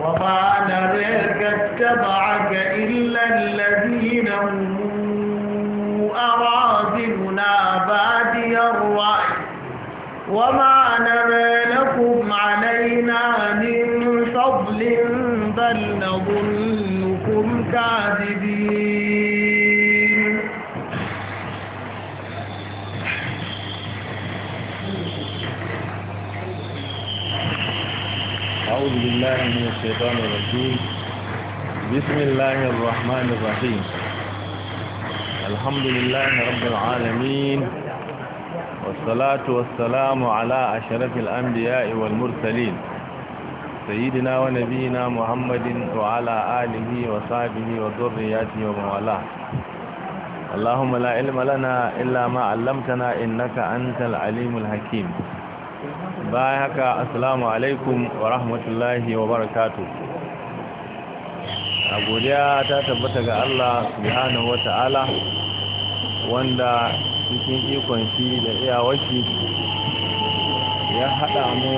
وما نريك اتبعك إلا الذين هم أراضنا بادي الرأي وما نرى لكم علينا من فضل بل نظنكم كاذبين بالله من الشيطان الرجيم بسم الله الرحمن الرحيم الحمد لله رب العالمين والصلاة والسلام على أشرف الأنبياء والمرسلين سيدنا ونبينا محمد وعلى آله وصحبه وذرياته وموالاه اللهم لا علم لنا إلا ما علمتنا إنك أنت العليم الحكيم bayan haka 'Asalamu alaikum wa rahmatullahi wa barakatu a godiya ta tabbata ga Allah subhanahu wa ta'ala wanda cikin ikon shi da iyawaki ya haɗa mu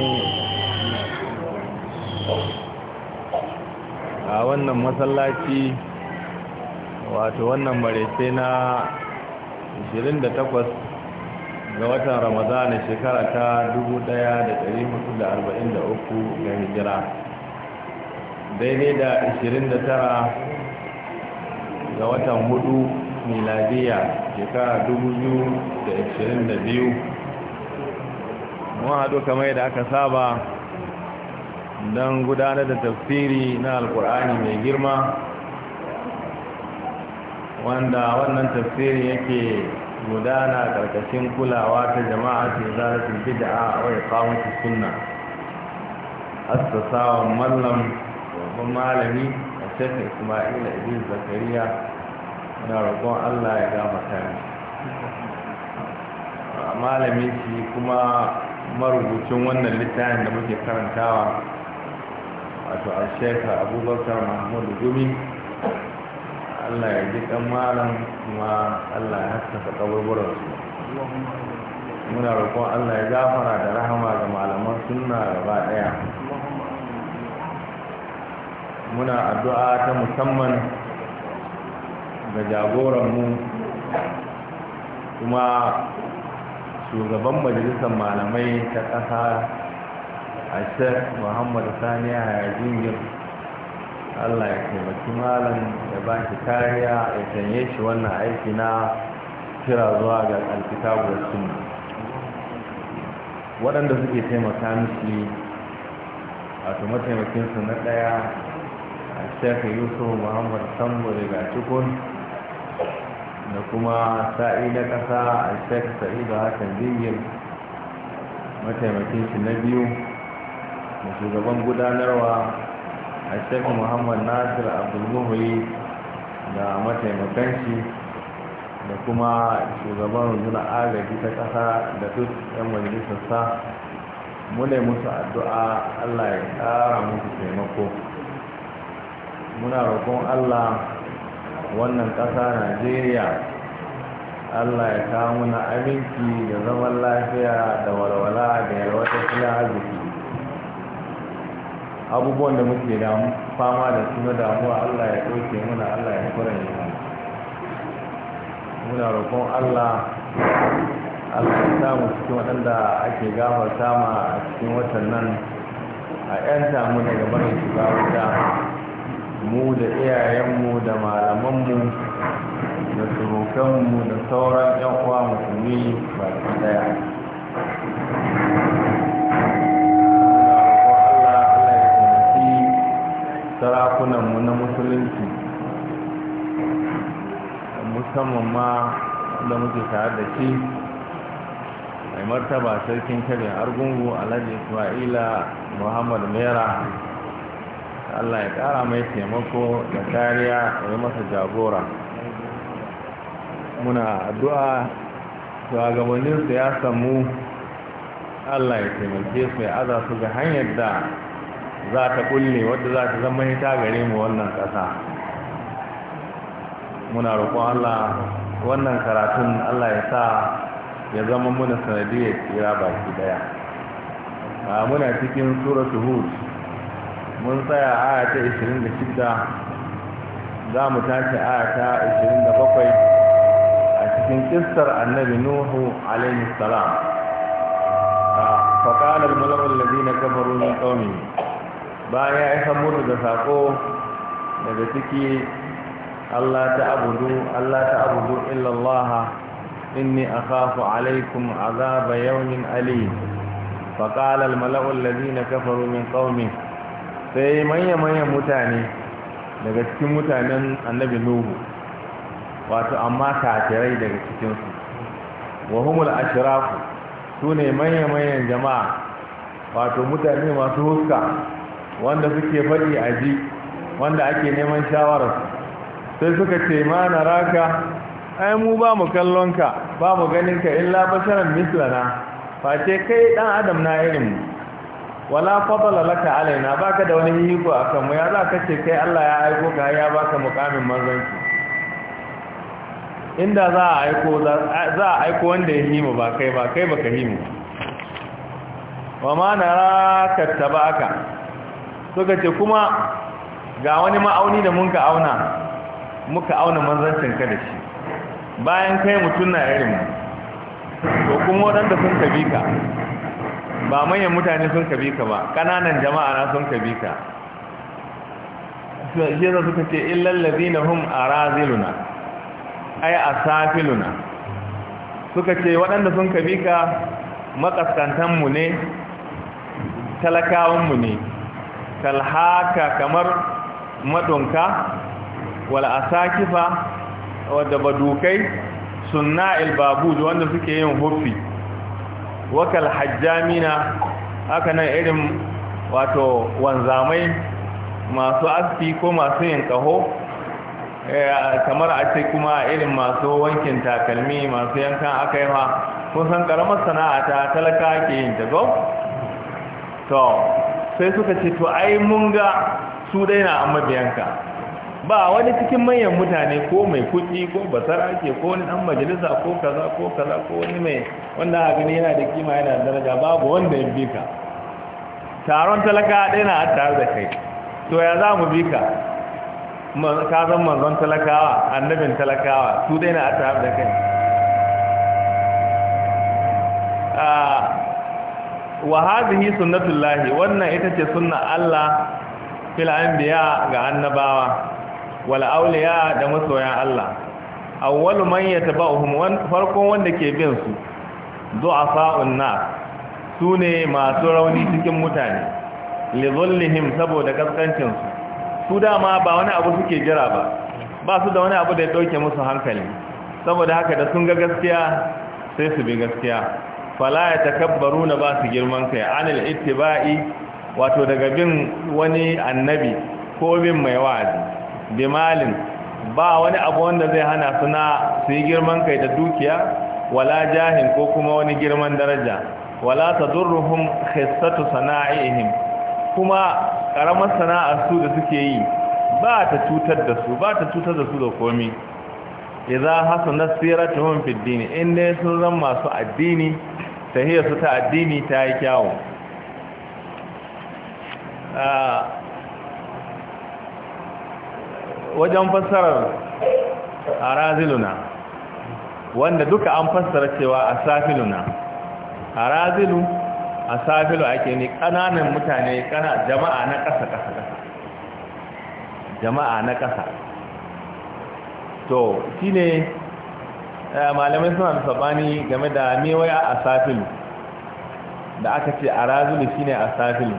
a wannan masallaci wato wannan marefe na 28 ga watan ramadan shekara ta 1443 ga hijira daidai da 29 ga watan hudu miladiya shekara 2022 mun haɗu kamar da aka saba don gudanar da tafsiri na alkur'ani mai girma wanda wannan tafsirin yake gudana ƙarƙashin kulawa ta jama'a ce za su bid'a wa iqamati sunna assasawa mallam babban malami a shekha isma'ila idris zakariya na roƙon allah ya tare. mi malamin shi kuma marubucin wannan littafin da muke karantawa wato a shekha abubakar mahmud gumi Allah ya ji kan malam kuma Allah ya haskaka kaburburan su muna roƙon Allah ya gafara da rahama ga malaman sunna gaba ɗaya muna addu'a ta musamman ga jagoranmu kuma shugaban majalisar malamai ta ƙasa a shek muhammadu saniya hayajin yau Allah ya taimaki malam ya ba shi kariya ya canye shi wannan aiki na kira zuwa ga guda suna waɗanda suke taimaka miki wato su na ɗaya a shekar yusuf muhammad sambo daga cikin da kuma sa'i na ƙasa a shekha sa'idu hakan zingin mataimakinsu na biyu da shugaban gudanarwa a shek muhammad nasir abdulmuhuri da mataimakanci da kuma shugaban rundunar agaji ta ƙasa da duk 'yan majalisarsa mune musu addu'a allah ya ƙara musu taimako muna roƙon allah wannan ƙasa najeriya allah ya kawo muna aminci da zaman lafiya da walwala da yalwata filan arziki abubuwan da muke fama da su na damuwa Allah ya ɗauke muna Allah ya kura mana muna roƙon Allah Allah ya samu cikin waɗanda ake gafarta sama a cikin watan nan a 'yanta mu daga barin shiga wuta mu da iyayenmu da malamanmu da surukanmu da sauran 'yan uwa musulmi su ɗaya musamman ma da muke tare da shi mai martaba sarkin kebin argungu alhaji ismaila muhammad mera allah ya kara mai taimako da kariya yi masa jagora muna addu'a gabanin su ya samu. allah ya taimake su ya aza su ga hanyar da za ta kulle wadda za ta zama hita gare mu wannan ƙasa muna roƙon Allah wannan karatun Allah ya sa ya zama muna sanadiyar tsira baki daya a muna cikin suratul hud mun tsaya aya ta 26 za mu tashi ayata 27 a cikin kistar annabi nuhu alaihi salam فقال الملأ الذين كفروا من قومه بايا يسمون da saƙo daga ciki Allah ta'budu Allah ta'budu illa Allah inni akhafu alaykum azab yawmin alim faqala al-mala'u alladhina kafaru min qaumi sai manya manyan mutane daga cikin mutanen annabi nuhu wato amma kafirai daga cikinsu, su wa humul su ne manya manyan jama'a wato mutane masu huska wanda suke faɗi a ji wanda ake neman shawararsu sai suka ce ma na raka ai mu ba mu kallonka ba mu ganinka illa basharan mislana face kai dan adam na irin mu wala fadala laka alaina baka da wani hiko akan mu ya zaka ce kai Allah ya aiko ka ya baka mukamin manzanci inda za a aiko za a aiko wanda ya himu ba kai ba kai baka himu wa ma naraka tabaka suka ce kuma ga wani ma'auni da mun ka auna muka auna manzancin ka da shi bayan kai mutum na irin mu to kuma waɗanda sun ka bi ka ba manyan mutane sun ka bi ka ba ƙananan jama'a na sun ka bi ka shi za suka ce illal ladina hum araziluna ay asafiluna suka ce waɗanda sun ka bi ka makaskantan ne talakawan ne talhaka kamar madonka wal asakifa wadda badukai sunna ilbabuj wanda suke yin hufi wakal hajjamina haka nan irin wato wanzamai masu aski ko masu yin kaho eh, kamar a ce kuma irin masu wankin takalmi masu yankan aka yi ma kusan karamar sana'a ta talaka ke yin ta to sai suka ce to ai mun ga su daina a mabiyanka ba wani cikin manyan mutane ko mai kuɗi ko basara ke ko wani ɗan majalisa ko kaza ko kaza ko wani mai wanda a gani yana da kima yana da daraja babu wanda ya bika. taron talaka ɗaya na tare da kai to ya za mu bi ka ka zan manzon talakawa annabin talakawa su ɗaya na tare da kai wa hadhihi sunnatullahi wannan ita ce sunna Allah fil anbiya ga annabawa wala auliya da masoyan Allah awwalu man yatba'uhum farkon wanda ke bin su du'afa'un nas sune masu rauni cikin mutane li dhullihim saboda kaskancin su su dama ba wani abu suke jira ba ba su da wani abu da ya dauke musu hankali saboda haka da sun ga gaskiya sai su bi gaskiya fala ya takabbaru na ba su girman kai anil ittiba'i wato daga bin wani annabi ko bin mai wa'azi bimalin ba wani abu wanda zai hana suna su yi girman kai da dukiya wala jahin ko kuma wani girman daraja wala ta durruhun sana'ihim kuma karamar sana'a su da suke yi ba ta cutar da su ba ta cutar da su da komi idza hasanat siratuhum fid din in ya sun zan masu addini tahiyar su ta addini ta yi kyawu ah, wajen fassarar araziluna wanda duka an fassara cewa asafiluna arazilu asafilu ake ne kananan mutane kana jama'a na ƙasa ƙasa ƙasa jama'a na ƙasa to shine eh, malamai suna da sabani game da mewaya asafilu da aka ce arazilu shine asafilu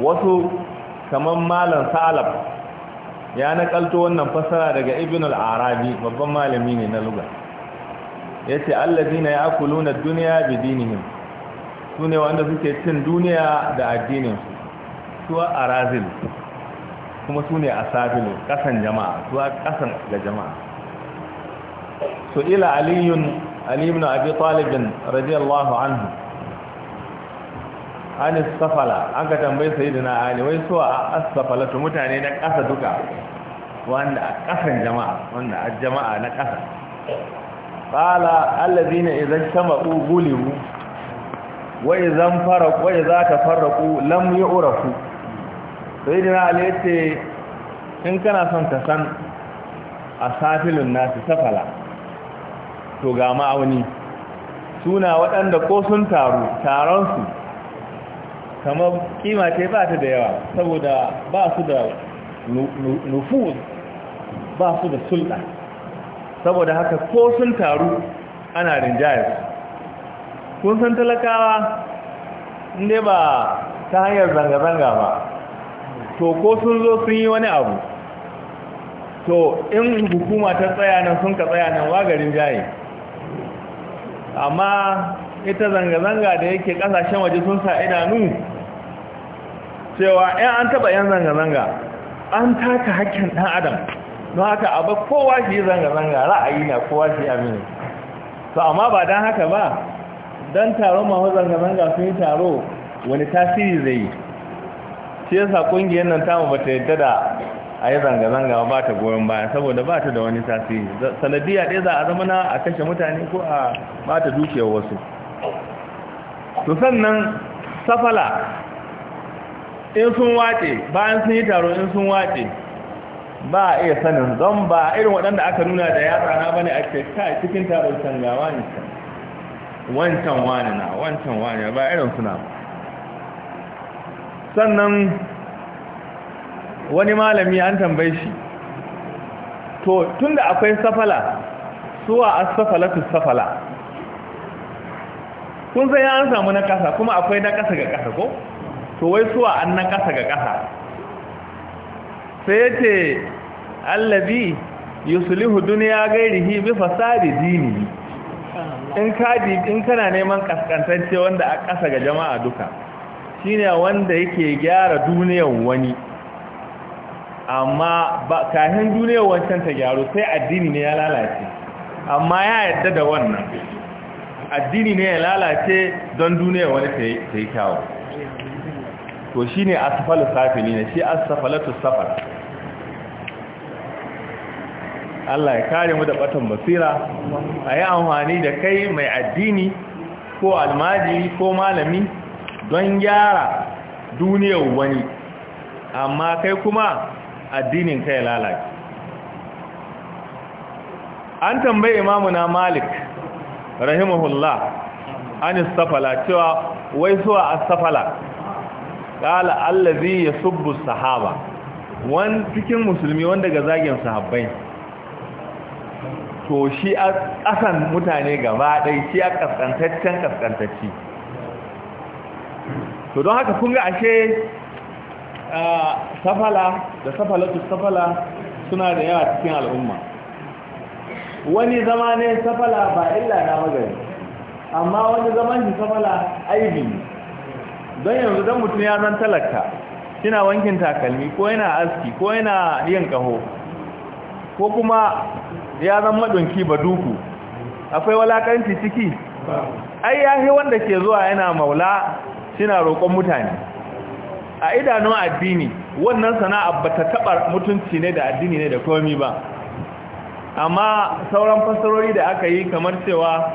wasu kamar malam salaf ya nakalto wannan fasara daga ibn al-arabi babban malami ne na lugha yace allazina ya'kuluna ad-dunya bi dinihim sune wanda suke cin duniya da addinin su su arazil kuma sune asabilu kasan jama'a su kasan ga jama'a so ila aliyun ali ibn abi talib radiyallahu anhu ani safala an ka tambayi sayyidina ali wai suwa as-safala to mutane na ƙasa duka wanda a ƙasan jama'a wanda a jama'a na ƙasa qala allazina idza shama'u gulimu wa idza faraqu wa idza tafarraqu lam yu'rafu sayyidina ali yace in kana son ka san asafilun nasu safala to ga ma'auni suna waɗanda ko sun taru taron su kamar kima ce ba ta da yawa saboda ba su da nufus, ba su da sulɗa saboda haka ko sun taru ana rinjayar kun san talakawa inda ba ta hanyar zanga-zanga ba to ko sun zo sun yi wani abu to in hukuma ta tsaya sun ka tsaya nan wagarin jaye amma ita zanga-zanga da yake kasashen waje sun sa idanu cewa ‘yan eh, an taɓa ‘yan zanga-zanga an taka hakkin ɗan adam don haka abu kowa shi zanga-zanga ra'ayi na kowa shi amini to amma ba don haka ba don taron mahu zanga-zanga sun yi taro wani tasiri zai yi shi yasa ƙungiyar nan tamu ba ta yadda da a yi zanga-zanga ba ta goyon baya saboda ba ta da wani tasiri sanadiyya ɗaya za a zama na a kashe mutane ko a ba ta dukiyar wasu to sannan safala in sun wace bayan sun yi taro in sun wace ba a iya sanin don ba irin waɗanda aka nuna da ya tsana ba ne a ce kai cikin taron cangawa ne wancan wani na wancan wani ba irin suna sannan wani malami an tambaye shi to tun da akwai safala suwa a safala su safala kun sai an samu na kasa kuma akwai na kasa ga kasa ko to wai suwa an na ƙasa ga ƙasa sai ce allabi yusulihu duniya gairihi bi fasadi dini in kadi in kana neman kaskantacce wanda a ƙasa ga jama'a duka shine wanda yake gyara duniyar wani amma ba kahin duniyar wancan ta gyaro sai addini ne ya lalace amma ya yadda da wannan addini ne ya lalace don duniyar wani ta yi kyawu to shi ne asfalu safini ne shi asfalatu safar Allah ya kare mu da batan basira a yi amfani da kai mai addini ko almaji ko malami don gyara duniyar wani amma kai kuma addinin kai lalace an tambayi imamuna malik rahimahullah an istafala cewa wai suwa astafala qala allazi yasubbu sahaba wan cikin musulmi wanda ga zagin sahabbai to shi a kasan mutane gaba dai shi a kaskantaccen kaskantacci to don haka kun ga ashe safala da safalatu safala suna da yawa cikin al'umma wani zama ne safala ba illa na magani amma wani zaman shi safala aibin ne don yanzu don mutum ya zan talaka suna wankin takalmi ko yana aski ko yana yin kaho ko kuma ya zan madunki ba duku akwai walakanci ciki ai yahi wanda ke zuwa yana maula shina roƙon mutane a idanun addini wannan sana'a ba ta taɓa mutunci ne da addini ne da komi ba amma sauran fasarori da aka yi kamar cewa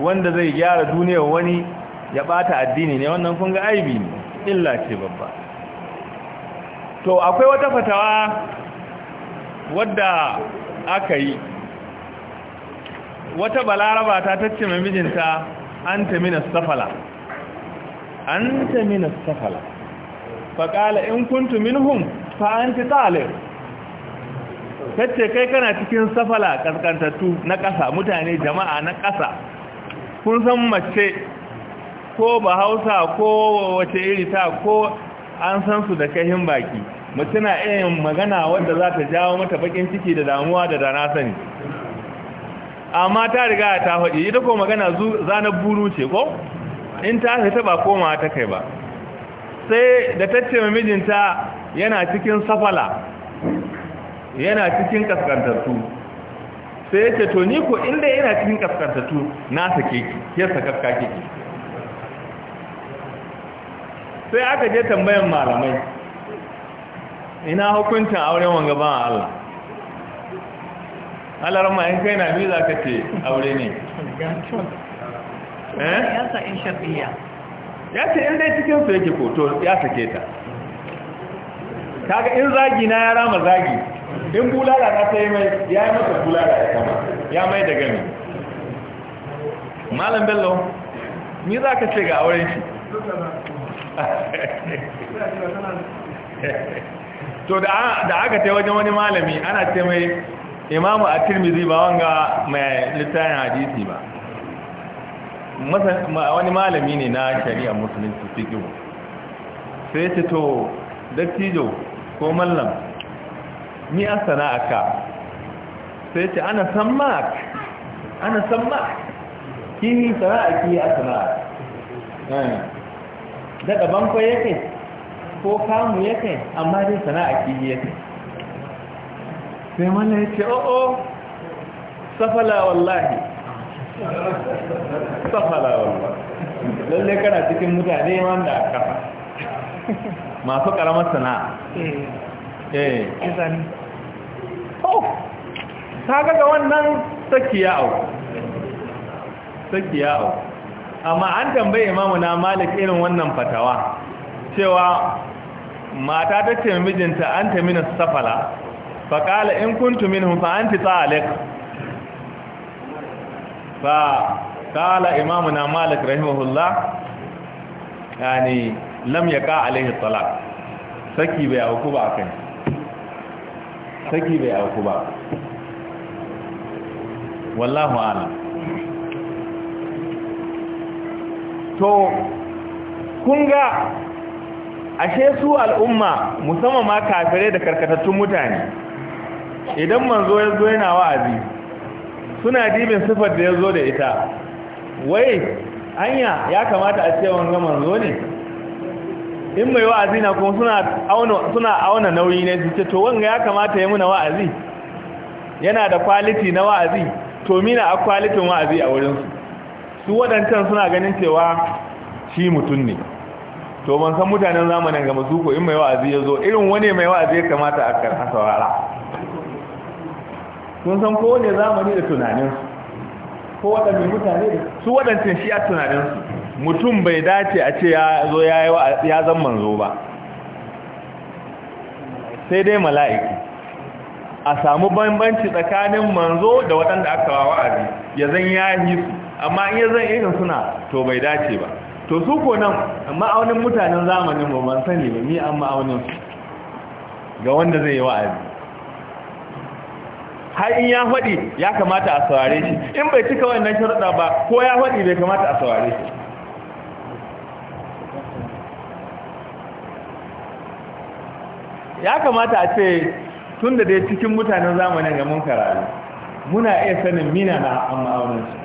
wanda zai gyara duniyar wani ya bata addini ne wannan kun ga aibi ne illa ce babba to akwai wata fatawa wadda aka yi wata balaraba ta tacce mai mijinta an ta mina safala an ta mina safala faƙala in kuntu minhum fa an ti talir tacce kai kana cikin safala ƙasƙantattu na ƙasa mutane jama'a na ƙasa kun san mace ko bahausa ko wace iri ta ko an san su da kahin baki mutuna irin magana wadda za ta jawo mata bakin ciki da damuwa da dana sani amma ta riga ta haɗe ita ko magana zanar buru ce ko in ta fita ba koma ta kai ba sai da tacce mijinta yana cikin safala yana cikin kaskantattu sai ya ce to ni ko inda yana cikin kaskantattu na sake ki yarsa saka ki sai aka je tambayan malamai ina hukuncin auren wanga ban Allah Allah ramma in kai na bi za ka ce aure ne eh? Eh? ya in shafiya ya ce in dai cikin su yake koto ya sake ta kaga in zagi na ya rama zagi in bulala ta ta yi mai ya yi masa bulala ya kama ya mai da gani. malam bello ni za ka ce ga auren shi to da aka ta wajen wani malami ana ce mai imamu a tirmizi ba wanga mai littafin hadisi ba wani malami ne na shari'a musulunci fikihu sai ce to dattijo ko mallam ni a ka? sai ce ana samma ana sammak kini ki a sana'a. Eh. daga banko yake ko kamu yake amma dai sana'a kiji yake sai mana ya ce o'o oh, oh, safala wallahi safala wallahi lalle kana cikin mutane wanda a kafa masu karamar sana'a eh, eh. izani oh ta ga wannan sakiya au sakiya au amma an tambaye imamu na malik irin wannan fatawa cewa mata ta ce mijinta an ta mina safala faƙala in kuntu minhu fa an ti tsalik fa ƙala imamu na malik rahimahullah yani lam ya ka alaihi talak saki bai auku ba kai. saki bai auku ba wallahu alam to kun ga ashe su al'umma musamman ma kafirai da karkatattun mutane idan manzo ya zo yana wa'azi suna dibin sifar da ya zo da ita wai hanya ya kamata a ce wanga manzo ne in mai wa'azi na kuma suna auna suna auna nauyi ne su to wanga ya kamata ya muna wa'azi yana da quality na wa'azi to mina a quality wa'azi a wurin su su waɗancan suna ganin cewa shi mutum ne to ban san mutanen zamanin ga masu ko in mai wa'azi ya zo irin wani mai wa'azi ya kamata a karɓa saurara sun san ko ne zamani da tunaninsu ko waɗanne mutane su waɗancan shi a tunaninsu mutum bai dace a ce ya zo ya yi zan manzo ba sai dai mala'iki a samu bambanci tsakanin manzo da waɗanda aka wa wa'azi ya zan ya yi su amma in ya zan irin suna to bai dace ba to su ko nan ma'aunin mutanen zamanin mu ban sani ba ni an ma'aunin ga wanda zai yi wa'azi har in ya faɗi ya kamata a saurare shi in bai cika wannan sharuɗa ba ko ya faɗi bai kamata a saurare shi ya kamata a ce tun da dai cikin mutanen zamanin ga mun karatu muna iya sanin mina na amma auren su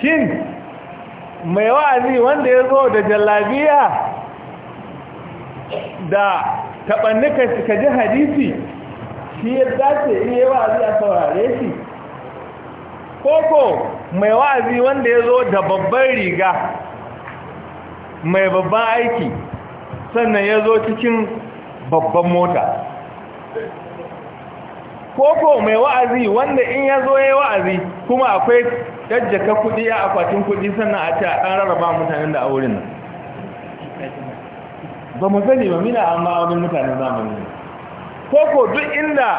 shin mai wa'azi wanda ya zo da jallabiya da taɓannuka ka ji hadisi shi ya dace yi wa'azi a saurare shi koko mai wa'azi wanda ya zo da babban riga mai babban aiki sannan ya zo cikin babban mota koko mai wa'azi wanda in ya zo ya wa'azi kuma akwai dajja ka kudi a akwatin kudi sannan a ce a ɗan rarraba mutanen da wurin nan ba mu sani ba mina amma wani mutanen zamani ne ko ko duk inda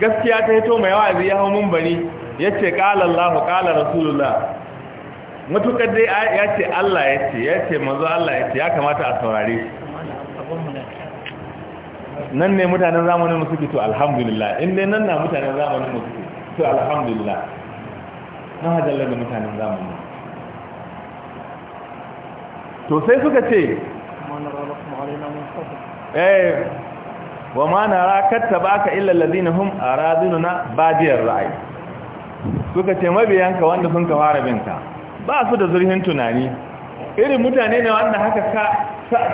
gaskiya ta hito mai yawa ya hau mun bari ya ce ƙala Allah ƙala Rasulullah matuƙar dai ya ce Allah ya ce ya ce mazu Allah ya ce ya kamata a saurare nan ne mutanen zamanin musu to alhamdulillah inda nan na mutanen zamanin musu to alhamdulillah na hajjallar da mutanen zamani to sai suka ce eh wa ma ba ka illa a hum na bajiyar ra'ayi suka ce mabiyanka wanda sun ka fara binka ba su da zurhin tunani irin mutane ne wanda haka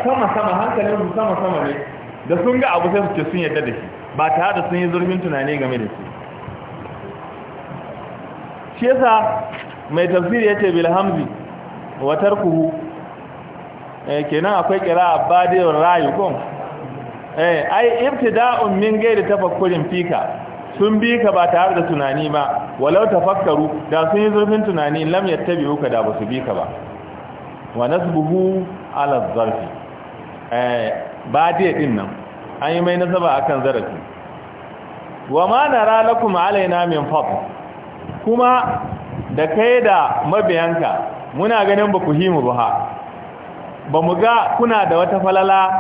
sama sama hankalin su sama sama ne da sun ga abu sai su ce sun yadda da shi ba tare da sun yi zurfin tunani game da shi shi yasa mai tafsiri yace bil hamzi wa tarkuhu eh kenan akwai kira badiyur rayu kun eh ai ibtida'un min gairi tafakkurin fika sun bi ka ba tare da tunani ba walau tafakkaru da sun yi zurfin tunani lam yattabi'u ka da ba su bi ka ba wa nasbuhu ala zarfi eh dai din nan an yi mai nasaba akan zarafi wa ma nara lakum alaina min fadl kuma da kai da mabiyanka muna ganin ba ku himu ba ha ba mu ga kuna da wata falala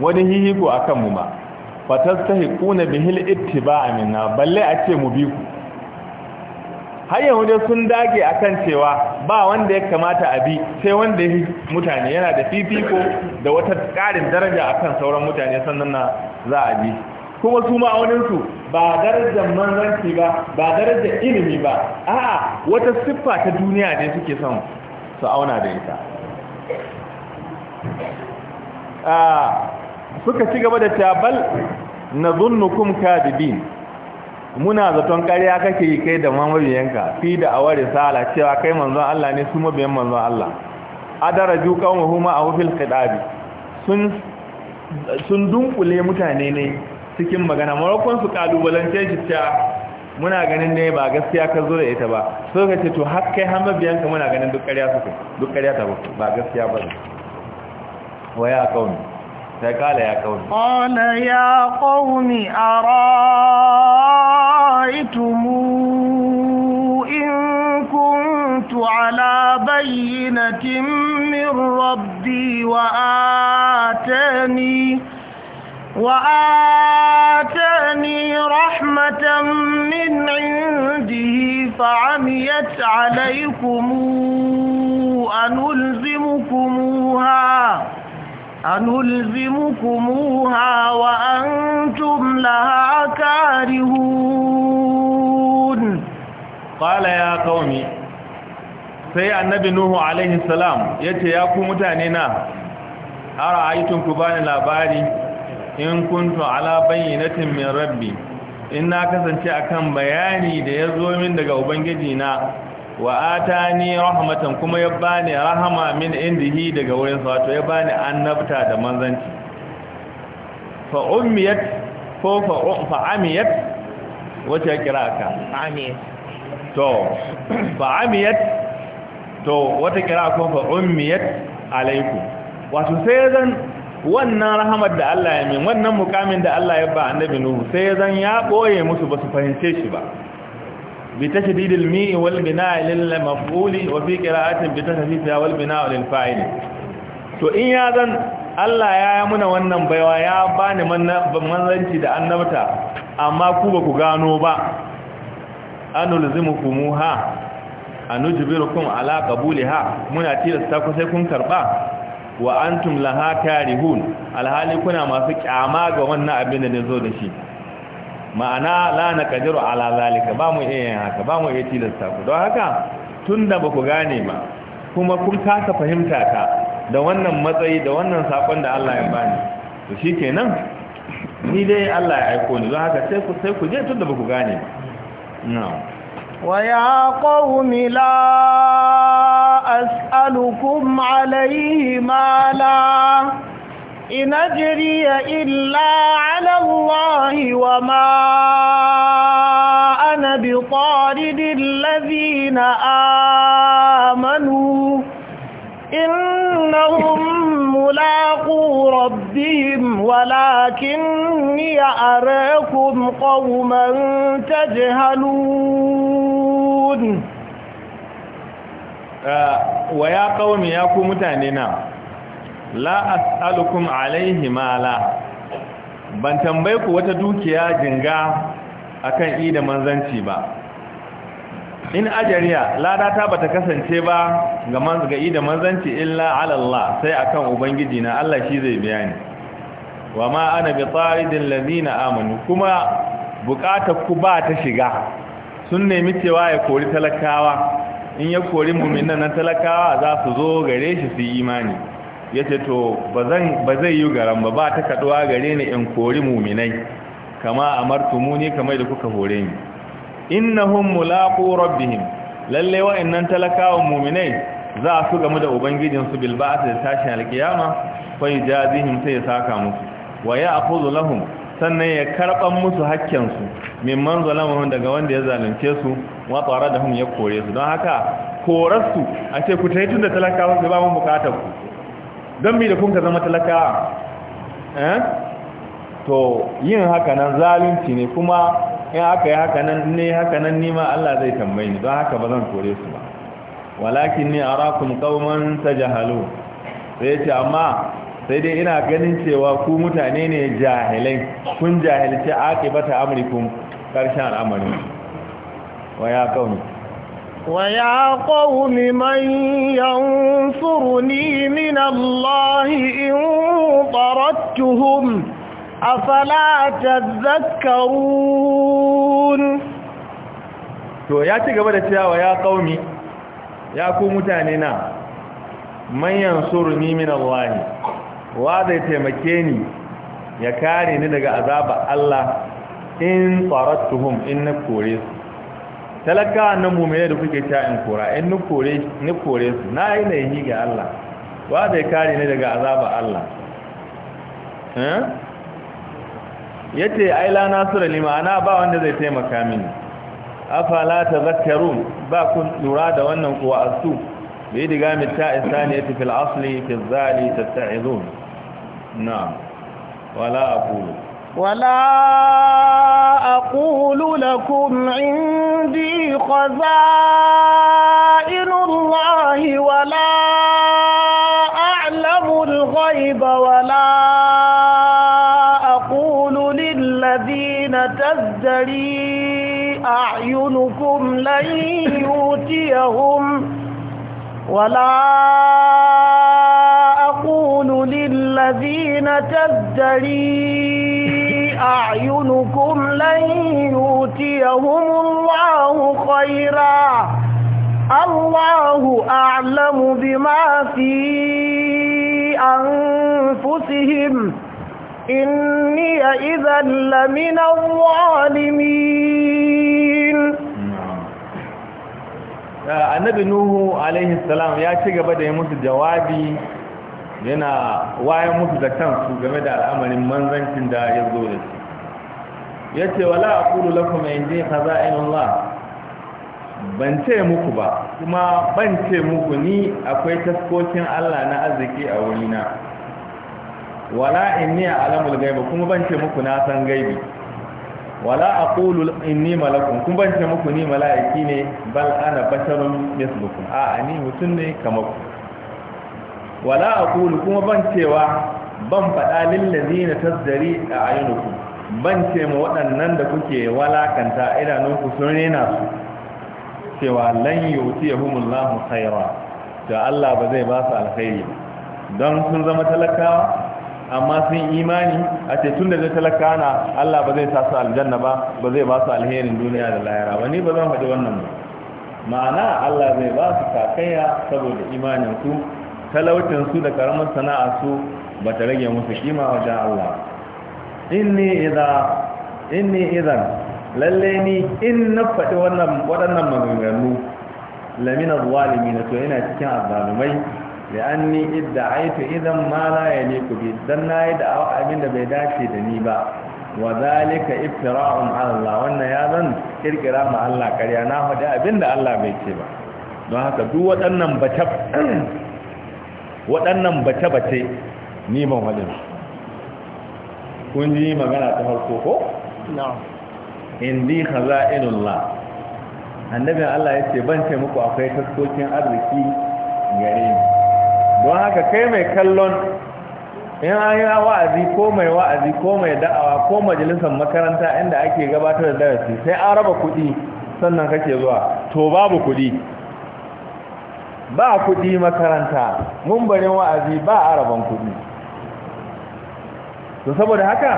wani hihiku a kanmu ba fatastahiquna bihil ittiba'a minna balle a ce mu bi ku har yahudu sun dage akan cewa ba wanda ya kamata a bi sai wanda ya mutane yana da fifiko da wata ƙarin daraja akan sauran mutane sannan za a bi kuma su ma'auninsu ba darajar manzanci ba ba darajar ilimi ba a'a wata siffa ta duniya ne suke son su auna da ita suka ci gaba da tabal na zunnu zunnukum kadibin muna zaton karya kake yi kai da mamabiyanka fi da awar risala cewa kai manzon Allah ne su mabiyan manzon Allah A adaraju qawmuhuma aw fil khidabi sun sun dunkule mutane ne cikin magana marakon su kalubalance shi cewa muna ganin ne ba gaskiya ka zo da ita ba so ka ce to har kai har mabiyanka muna ganin duk ƙarya suke duk ƙarya ta ba gaskiya ba wa ya kauni sai kala ya kauni ana ya qaumi ara'aytum in kuntu ala bayyinatin min rabbi wa atani wa atani من عنده فعميت عليكم أنلزمكموها أنلزمكموها وأنتم لها كارهون قال يا قومي sai annabi nuhu alaihi salam yace ya ku mutane na ara ayitun ku bani labari in kuntu ala min rabbi in na kasance akan bayani da ya zo min daga ubangiji na wa atani rahmatan kuma ya bani rahama min indihi daga wurin sa to ya bani annabta da manzanci fa ummiyat ko fa fa amiyat wace kiraka amiyat to fa amiyat to wata kira ko fa ummiyat alaikum wato sai zan wannan rahamar da Allah ya min wannan mukamin da Allah ya ba annabi nuhu sai ya zan ya boye musu ba su fahimce shi ba bi tashdidil mi'i wal bina'i lil maf'uli wa fi qira'atin bi tashdidha wal bina'u lil fa'ili to in ya zan Allah ya yi muna wannan baiwa ya bani manzanci da annabta amma ku ba ku gano ba anulzimukumuha anujbirukum ala qabuliha muna tilasta ku sai kun karba wa antum laha karihun alhali kuna masu kyama ga wannan abin da nazo da shi ma'ana la naqdiru ala zalika ba mu iya haka ba mu iya tilasta ku don haka tunda ba ku gane ba kuma kun kasa fahimta ka da wannan matsayi da wannan sakon da Allah ya bani to shikenan ni dai Allah ya aiko ni don haka sai ku sai ku je tunda ba ku gane ba na'am wa ya qaumi la أسألكم عليه مالا إن أجري إلا على الله وما أنا بطارد الذين آمنوا إنهم ملاقو ربهم ولكني أراكم قوما تجهلون Eh, wa ya qaumi ya ku mutane na la as'alukum alaihi mala ban tambaye ku wata dukiya jinga akan kan da manzanci ba in ajariya lada ta bata kasance ba ga manzaga da manzanci illa ala Allah sai akan ubangiji na Allah shi zai bayani wa ma ana bi taridil ladina amanu kuma bukatar ku ba ta shiga sun nemi cewa ya kori talakawa in ya kori muminan na talakawa za su zo gare shi su yi imani ya ce to ba zai yi garan ba ba ta kaduwa gare ni in kori muminai kama a martumu ne kamar da kuka hore ni innahum mulaqu rabbihim lalle wa'annan talakawa muminai za su gamu da ubangijinsu su ba'ath da tashin alkiyama fa yajazihim sai ya saka musu wa ya'khudhu lahum sannan ya karɓan musu hakkensu mimman zalamahun daga wanda ya zalunce su watsara da hun ya kore su don haka korarsu a ce ku ta yi tun da talakawa su ba mun bukatar ku don bi da kun ka zama talakawa eh? to yin haka nan zalunci ne kuma in aka yi haka nan ne haka nan nima Allah zai tambayi ni don haka ba zan kore su ba walakin ni arakum qauman tajahalu sai ce amma sai dai ina ganin cewa ku mutane ne jahilai kun jahilci aqibata amrikum karshen al'amari wa ya kauni ويا man yansuru ni min Allah in tarattuhum afala tazakkarun to ya ci gaba da cewa ya kauni ya ku mutane na man ni min Allah wa zai taimake ni ya kare ni daga azaba Allah in tsarattuhum in na kore su talaka na mummune da kuke ta in kora in ni kore su na yi na yi ga Allah wa zai kare ni daga azaba Allah eh? ya ce aila nasura limana ba wanda zai taimaka mini afala ta zakarun ba kun lura da wannan kuwa asu bai diga mita ne ya tafi al'asli fi zali tatta'izun نعم ولا أقول ولا أقول لكم عندي خزائن الله ولا أعلم الغيب ولا أقول للذين تزدري أعينكم لن يؤتيهم ولا تزدري أعينكم لن يؤتيهم الله خيرا الله أعلم بما في أنفسهم إني إذا لمن الظالمين النبي نوح عليه السلام يا شيخ بدأ يمس جوابي yana wayan musu da kansu game da al'amarin manzancin da ya zo da su. ya ce wala a kulu lakum in je khaza'inullah ban ce muku ba kuma ban ce muku ni akwai taskokin Allah na arziki a wuri na. wala inni a'lamul ghaiba kuma ban ce muku na san gaibi wala aqulu inni malakun kuma ban ce muku ni mala'iki ne bal ana basharun mislukum a ni mutum ne kamar ku wala aqulu kuma ban cewa ban faɗa lil na tazdari a ayyunukum ban ce ma waɗannan da kuke walakanta idanunku sun rena su cewa lan yu'tiyahumullahu khaira to Allah ba zai ba su alkhairi don sun zama talakawa amma sun imani a ce tun da zai talaka na Allah ba zai sa su aljanna ba ba zai ba su alherin duniya da layara. ba ni ba zan faɗi wannan ba ma'ana Allah zai ba su kakaiya saboda imanin su da karamar sana'a su ba ta rage musu kima wajen Allah inni idan lalle ni in na faɗi waɗannan maganganu lamina zuwa na to ina cikin azalumai da an ni idda aitu idan ma la ya ne ku bi dan na yi da'awa abin da bai dace da ni ba wa zalika iftira'un ala Allah wannan ya zan kirkira ma Allah karya, na faɗi abin da Allah bai ce ba don haka duk waɗannan bace waɗannan bace-bace ni ban waɗin kun magana ta harko ko? indi inulla. annabin Allah ya ce ban ce muku akwai taskokin arziki gare ni don haka kai mai kallon in an yi wa'azi ko mai wa'azi ko mai da'awa ko majalisar makaranta inda ake gabatar da darasi sai an raba kuɗi sannan kake zuwa to babu kuɗi ba kudi makaranta mun bari wa'azi ba araban kudi to saboda haka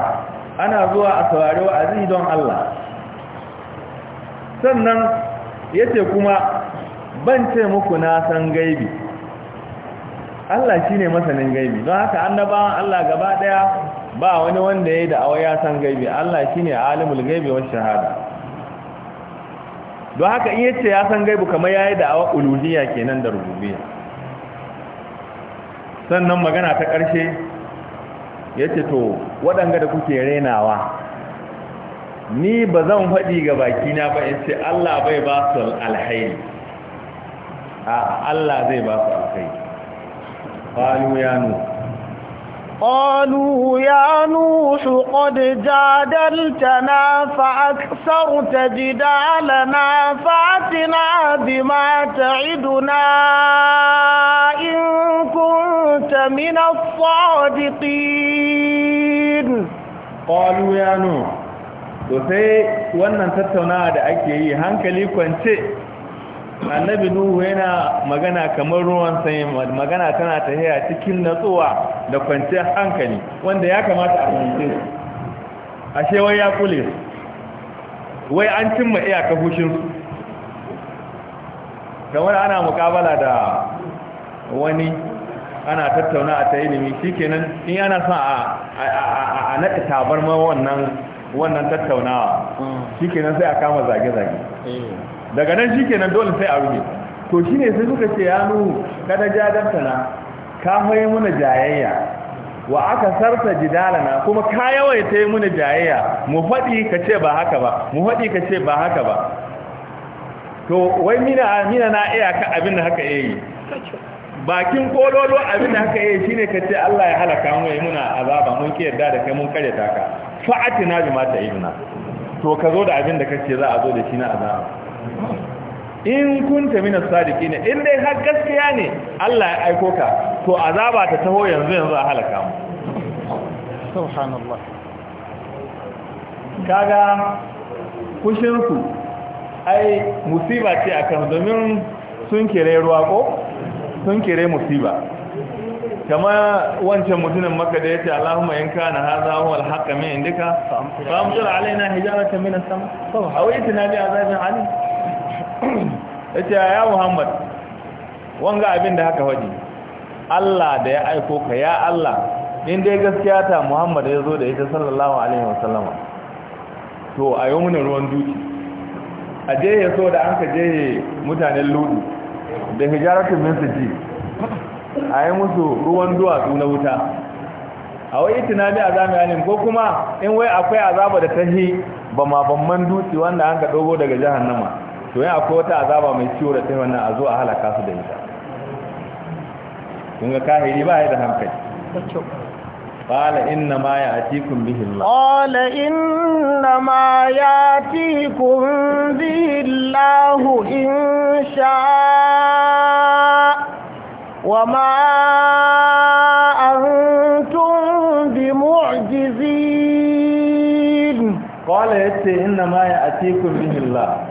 ana zuwa a saurari wa'azi don Allah sannan yace kuma ban ce muku na san gaibi Allah shine masanin gaibi don haka annabawan Allah gaba daya ba wani wanda ya da awaya san gaibi Allah shine alimul gaibi wa shahada don haka in yace ya san gaibu kamar yayi da awa uluhiyya kenan da rububiyya sannan magana ta ƙarshe yace to waɗanga da kuke renawa ni ba zan faɗi ga bakina ba in ce Allah bai ba su alhaili a Allah zai ba su alhaili qalu ya nuh قالوا يا نوح قد جادلتنا فأكثرت جدالنا فأتنا بما تعدنا إن كنت من الصادقين قالوا يا نوح to sai wannan tattaunawa da ake yi hankali kwance annabi nuhu yana magana kamar ruwan sanyi magana tana tahiya cikin natsuwa da kwanciyar hankali wanda ya kamata a fahimce ashe wai ya kule wai an cimma iyaka hushin su kamar ana mukabala da wani ana tattauna a ta ilimi shikenan in ana son a naɗi tabar ma wannan tattaunawa shikenan sai a kama zage-zage eh. daga nan shikenan dole sai a rufe to shine sai suka ce ya nu kada na ka hoye muna jayayya wa aka sarta jidalana kuma ka yawaita yi muna jayayya mu faɗi ka ce ba haka ba mu faɗi ka ce ba haka ba to wai mina mina na iya ka abin da haka yayi bakin kololo abin da haka yayi shine ka ce Allah ya halaka mu yayi muna azaba mun ki yarda da kai mun kare ta ka fa'atina bima ta'iduna to ka zo da abin da kace za a zo da shi na azaba in kunta ta mina sadiqi ne in dai har gaskiya ne Allah ya aiko ka to azaba ta taho yanzu yanzu a halaka mu subhanallah kaga kushin ku ai musiba ce akan domin sun kire ruwa ko sun kire musiba kama wancan mutumin maka da yace Allahumma in kana hadha huwa al min indika fa amtir alaina hijaratan min as-sama fa hawaitna bi azabin Ali? ya ce ya muhammad wanga abin da haka waje Allah da ya aiko ka ya Allah in dai gaskiya ta muhammad ya zo da ita sallallahu alaihi wasallama to a yi mini ruwan duki a je ya so da an ka je mutanen ludu da hijaratun min ji a yi musu ruwan duwatsu na wuta a wai itinami a zamanin ko kuma in wai akwai azaba da tahi ba ma bamman dutse wanda an ka dogo daga jahannama to ya akwai wata azaba mai ciwo da ta wannan a zo a halaka su da ita kun ka hiri ba ya da hankali قال إنما يأتيكم به الله قال إنما يأتيكم به الله إن شاء وما أنتم بمعجزين قال إنما يأتيكم به الله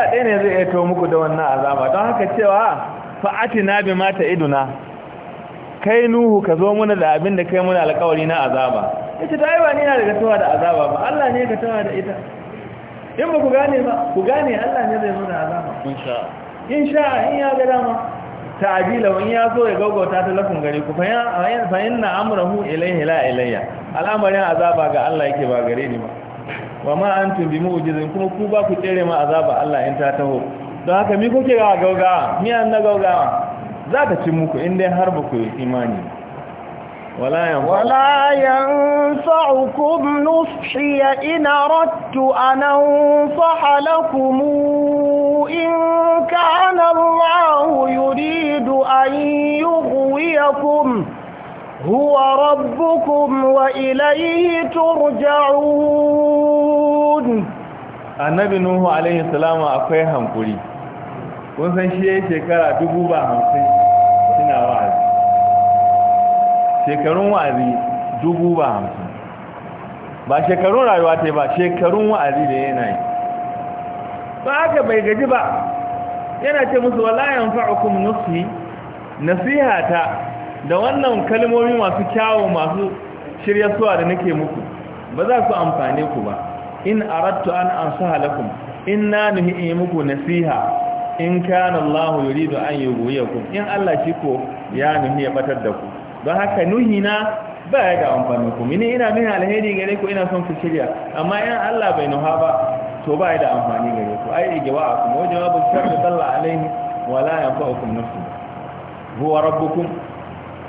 Allah ɗaya ne zai aito muku da wannan azaba don haka cewa fa'ati na bi mata iduna kai nuhu ka zo muna da abin da kai muna alkawari na azaba ita ta yi wa ni na daga tawa da azaba ba Allah ne ka tawa da ita in ba ku gane ba ku gane Allah ne zai muna azaba in sha in ya ga dama ta'abila in ya zo ya gaugauta ta lafin gari ku fahimta amurahu ilaihi la ilayya al'amarin azaba ga Allah yake ba gare ni ba wa ma antum bi mu'jizin kuma ku ba ku tsere ma azaba Allah in ta taho don haka mi kuke ga gaugawa mi an na gauga za ka ci muku in dai har ba ku yi imani ولا ينفع ولا ينفعكم ya إن أردت أن أنصح لكم إن كان الله يريد أن يغويكم هو ربكم وإليه ترجعون النبي نوح عليه السلام أخوي هنقولي kun شيئا شكرا ya yi shekara وعزي ba وعزي suna wa'azi ba shekarun rayuwa ta ba shekarun wa'azi da yana yi ba aka bai gaji ba yana ce musu wala yanfa'ukum nusi nasiha ta da wannan kalmomi masu kyawo masu shirya suwa da nake muku ba za su amfane ku ba in arattu an ansaha lakum inna nuhi muku nasiha in kana Allah yuridu an ku. in Allah shi ko ya nuhi ya batar da ku don haka nuhi na ba ya ga amfani ku mini ina nuhi alheri gare ku ina son ku shirya amma in Allah bai nuha ba to ba ya da amfani gare ku ai a kuma wajen wabin shafi sallallahu alaihi wala ya yanfa'ukum nufi huwa rabbukum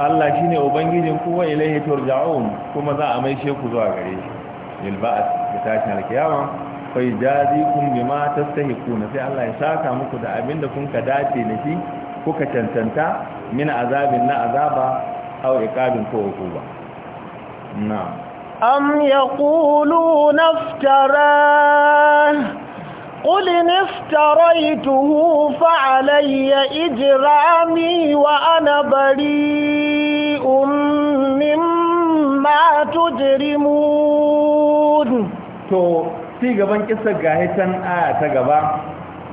Allah shine ubangijin ku wa ilaihi turja'un kuma za a maishe ku zuwa gare shi lil ba'th bi tashin alkiyama fa yajazikum bima tastahiquna sai Allah ya saka muku da abinda kun ka dace da shi kuka cancanta min azabin na azaba aw iqabin ko hukuma na am yaquluna naftara. قل إن افتريته فعلي إجرامي وأنا بريء مما تجرمون تو في gaban kissa gahi can ta gaba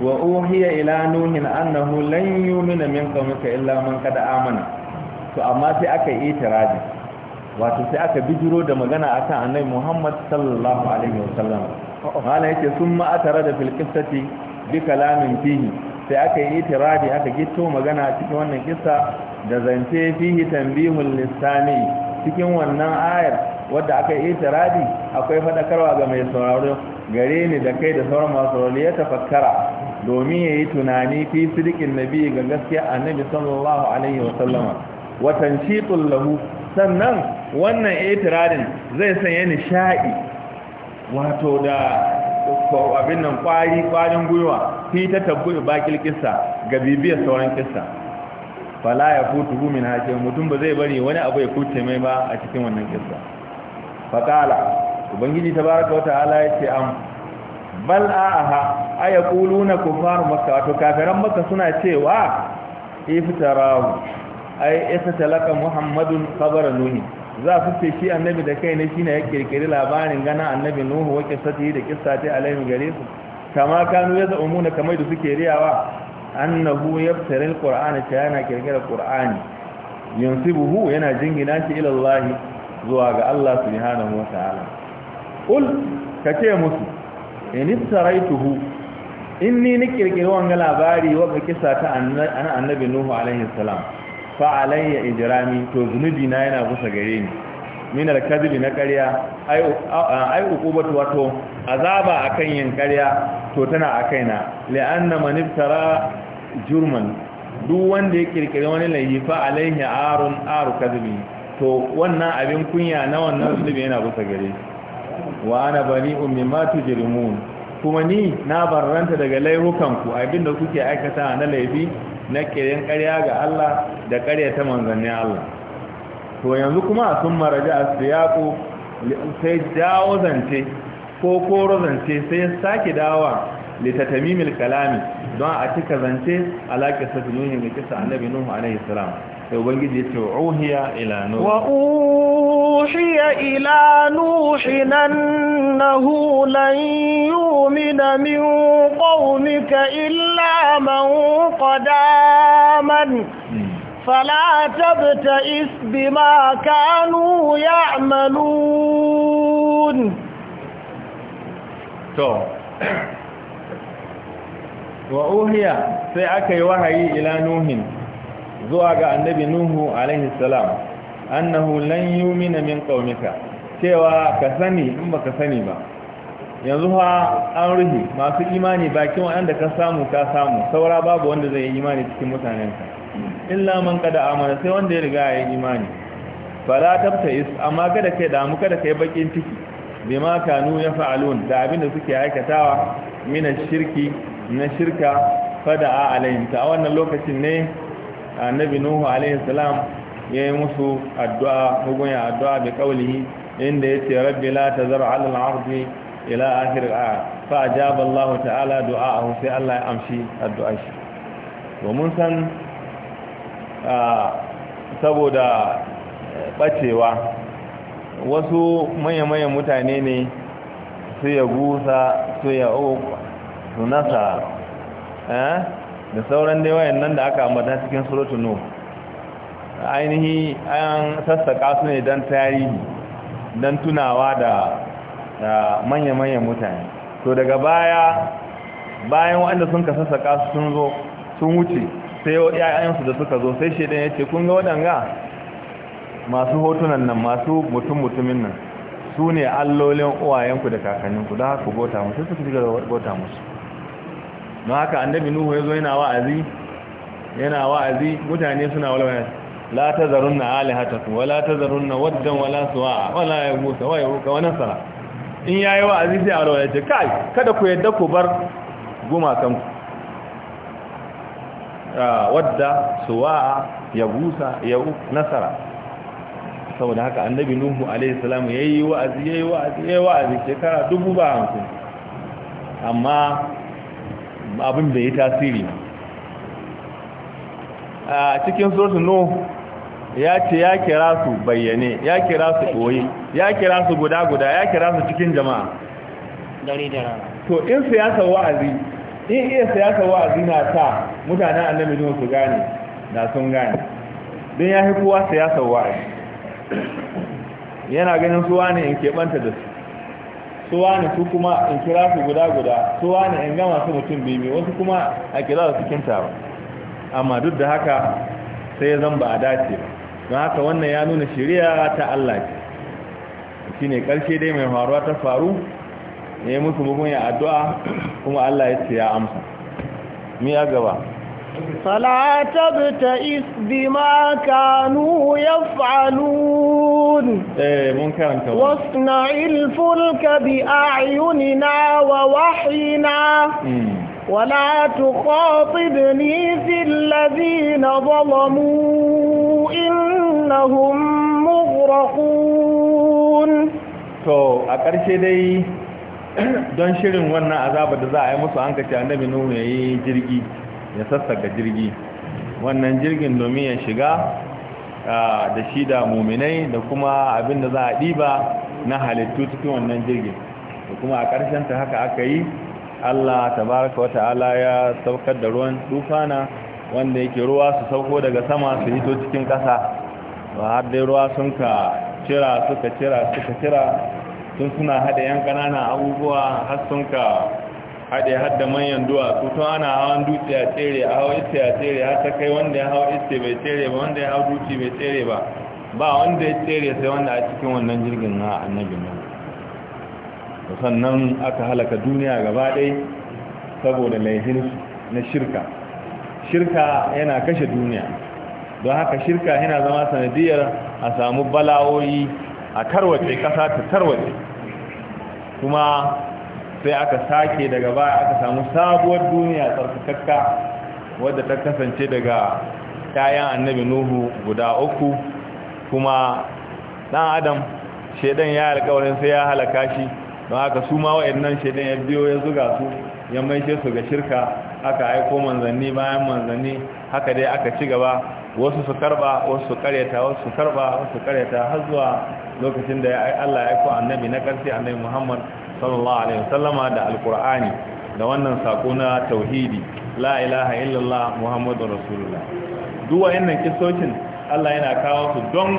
wa uhiya ila nuhin annahu lan yu'mina min illa man qad amana to amma sai aka yi itirazi wato sai aka bijiro da magana akan annabi Muhammad sallallahu hana yake sun ma'atara da filkistati bi kalamin fihi sai aka yi itiradi aka gito magana a cikin wannan kisa da zance fihi tambihul lissani cikin wannan ayar wadda aka yi itiradi akwai faɗakarwa ga mai sauraro gare ni da kai da sauran masu rauni ya tafakkara domin ya yi tunani fi sidikin nabi ga gaskiya annabi sallallahu alaihi wa sallama watan lahu sannan wannan itiradin zai sanya nishaɗi wato da abin nan kwari kwarin gwiwa fi ta tabbuɗi bakil kissa ga bibiyar sauran kissa fala ya futu min hace mutum ba zai bari wani abu ya kuce mai ba a cikin wannan kissa fakala ubangiji tabaraka wa ta'ala ya ce am bal a'aha aya quluna kufar makka wato kafiran makka suna cewa iftarahu ay isa talaka muhammadun habara nuni. za su ce shi annabi da kai ne ne ya kirkiri labarin gana annabi nuhu wake sati da ta alaihi gare su kama kanu ya muna kamar da suke riyawa annahu yaftari alqur'ana ta yana kirkira qur'ani yunsibuhu yana jingina shi ila Allah zuwa ga Allah subhanahu wa ta'ala qul kace musu in istaraituhu inni ni kirkiri wannan labari wa kissa ta annabi nuhu alaihi salam fa alayya ijrami to zunubi na yana gusa gare ni min alkadhibi na ƙarya ai ai wato azaba akan yin ƙarya to tana a kaina. la'anna man iftara jurman duk wanda ya kirkire wani laifi fa alayhi arun aru kadhibi to wannan abin kunya na wannan zunubi yana gusa gare wa ana bani'un mimma tujrimun kuma ni na barranta daga laifukanku abinda kuke aikata na laifi na kirin ƙarya ga Allah da ƙarya ta manzannin Allah to yanzu kuma sun maraja asiyaku sai dawo zance ko koro zance sai ya sake dawa litatamimil kalami don a cika zance alaƙi sa nuhin kisa annabi nuhu alaihi salam وبلجدي توحي الى نوح ووحي الى نوح انه لن يؤمن من قومك الا من قداما فلا تبتئس بما كانوا يعملون ووحي في اكي وحي الى نوح zuwa ga annabi nuhu alaihi salam annahu lan yumina min qaumika cewa ka sani in baka sani ba yanzu ha an ruhi masu imani bakin wanda ka samu ka samu saura babu wanda zai yi imani cikin mutanenka illa man kada amana sai wanda ya riga ya imani la tabta is amma kada kai damu kada kai bakin ciki bima kanu ya fa'alun da abin da suke aikatawa mina shirki na shirka fada'a alayhim ta wannan lokacin ne annabi nuhu alaihi salam yayi musu addu'a ya addu'a bi qawlihi inda yace rabbi la tazar ala al-ardi ila akhir al-ayat fa ajaba allahu ta'ala du'a'ahu sai Allah ya amshi addu'a shi to mun san saboda bacewa eh, wasu maye manyan mutane ne su ya gusa su ya uku oh, su nasa eh da sauran dai nan da aka ambata cikin suratul nur ainihi an sassaka su ne don tarihi don tunawa da manya-manyan mutane to daga baya bayan waɗanda sun ka sassaka su sun zo sun wuce sai yayansu da suka zo sai shaidan ya ce kun ga waɗanga masu hotunan nan masu mutum-mutumin nan su ne allolin uwayenku da kakanninku don haka gota musu suka shiga gota musu don haka annabi nuhu ya zo yana wa'azi yana wa'azi mutane suna walwala la tazarunna alihatakum wala tazarunna waddan wala suwa'a wala yaghutha wa yaghutha wa nasara in yayi wa'azi sai a walwala ce kai kada ku yadda ku bar kan ku ah, wadda suwa'a yaghutha yaghutha nasara saboda haka annabi nuhu alaihi ya yayi wa'azi yayi wa'azi yayi wa'azi shekara dubu ba hankali amma abin da ya tasiri a cikin surtu no ya ce ya kira su bayyane ya kira su koyi ya kira su guda-guda ya kira su cikin jama'a to in siyasa wa'azi in iya siyasa wa'azi na sa mutanen annabi ne su gane da sun gane don ya fi kowa siyasa wa'azi yana ganin suwa ne in keɓanta da su suwa ne su kuma in kira su guda guda suwa ne in gama su mutum biyu bibi wasu kuma a kira su cikin taron. amma duk da haka sai zan ba a dace ba don haka wannan ya nuna shirya ta Allah ce ne karshe dai mai faruwa ta faru ne musu mugun ya addu'a kuma Allah ya ce ya amsa mi ya gaba فلا تبتئس بما كانوا يفعلون واصنع الفلك بأعيننا ووحينا ولا تخاطبني في الذين ظلموا إنهم مغرقون don shirin wannan azaba da za a yi musu an kace annabi nuhu yayi jirgi ya sassaka jirgi wannan jirgin domin ya shiga da shi da muminai da kuma abin da za a ɗiba na halittu cikin wannan jirgin da kuma a ƙarshen ta haka aka yi Allah tabaraka wata ala ya saukar da ruwan tufana wanda yake ruwa su sauko daga sama su hito cikin ƙasa ba har dai ruwa sun ka cira suka cira suka cira sun suna haɗa yan ƙanana abubuwa har sun ka haɗe hadda manyan duwatsu tun ana hawan dutse a tsere a hau iske a tsere har ta kai wanda ya hau iske bai tsere ba wanda ya hau dutse bai tsere ba ba wanda ya tsere sai wanda a cikin wannan jirgin na annabi nan sannan aka halaka duniya gaba ɗai saboda laifin na shirka shirka yana kashe duniya don haka shirka yana zama sanadiyar a samu bala'o'i a tarwace ƙasa ta tarwace kuma sai aka sake daga baya aka samu sabuwar duniya tsarkakakka wadda ta kasance daga kayan annabi nuhu guda uku kuma dan adam shaidan ya alƙawarin sai ya halaka shi don haka su ma waɗannan shedan ya biyo ya zuga su ya maishe su ga shirka aka aiko manzanni bayan manzanni haka dai aka ci gaba wasu su karba wasu su karyata wasu su karba wasu su karyata har zuwa lokacin da Allah ya ku annabi na karshe annabi Muhammad sallallahu alaihi wasallama da alqur'ani da wannan sako na tauhidi la ilaha illallah muhammadur rasulullah duk wayannan kisocin Allah yana kawo su don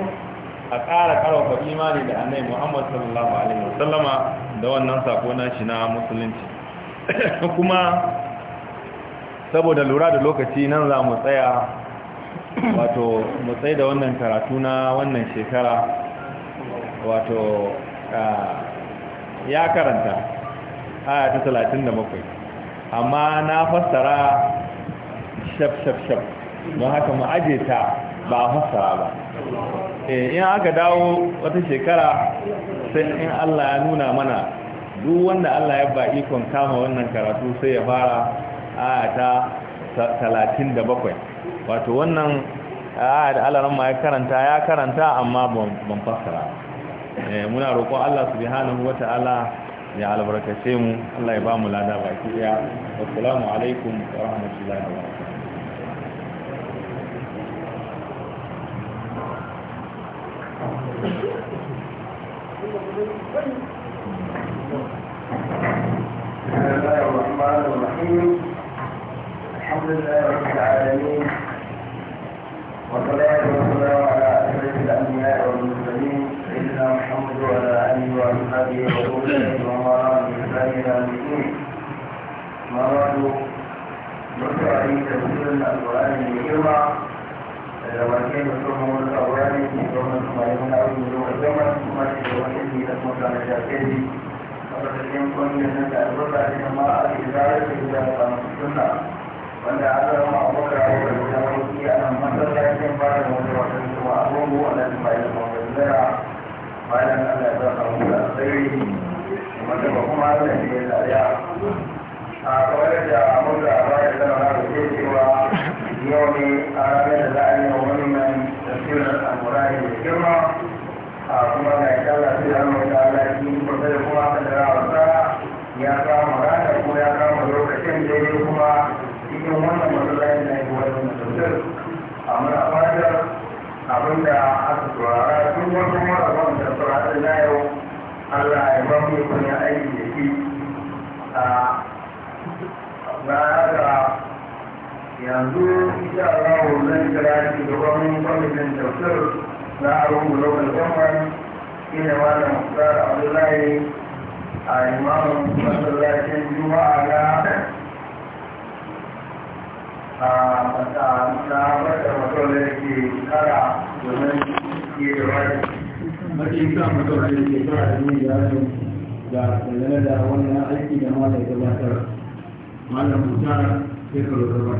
a ƙara karfafa imani da annabi Muhammad sallallahu alaihi wasallama da wannan sako na shi na musulunci kuma saboda lura da lokaci nan za mu tsaya wato matsayi da wannan karatu na wannan shekara wato ya karanta aya ta talatin da bakwai amma na fassara shaf-shaf-shaf don haka mu aje ta ba a fassara ba eh, in aka dawo wata shekara sai in allah ya nuna mana duk wanda allah ya ba ikon kama wannan karatu sai ya fara aya ta talatin da bakwai wato wannan aya da Allah ma ya karanta ya karanta amma ban fassara eh, muna roƙo Allah wata Ala ya albarkace mu Allah ya ba mu lada baki daya assalamu alaikum wa rahmatullahi wa barakatuh بسم الله الرحمن الرحيم الحمد لله رب العالمين والصلاة والسلام على أشرف الأنبياء والمرسلين سيدنا محمد وعلى آله وأصحابه وأولئك ومن والاه بإحسان إلى المسلمين. مراد ما بعد نقرأ في تفسير القرآن الكريم وكيف تفهم الأولاد ثم ثم يمنع بلوغ الزمن ثم يتوحد تسمع على شاكله وقد يمكن أن نتعرف على ما أجزاء في ذلك السنة wanda aka rama abubakar abubakar da zama yake a nan masallacin fara da wata wata kuma abubuwa da ba yi kuma zira bayan an ya zama mutu a tsaye kuma da ba kuma allah ne da ya zariya a kawai da abubakar abubakar da zama da ke cewa yau ne a ranar da za a yi wa wani mai tafiyar al'amurari da girma a kuma ga ita allah su zama da allah ya yi kuma da kuma kadara wasa ya kama ranar ko ya kama lokacin daidai cikin wannan matsalai na yi wani mutum amma a fadar abinda aka turara duk wani marabar da turara na yau allah ya ba mu kuna aiki da shi a baya da yanzu ita rawo zan kira shi da wani kwamitin tafsir na arun global government shi ne wani mutar abdullahi a imamun masallacin juma'a na da dangane da wannan aiki da ma da gabatar sai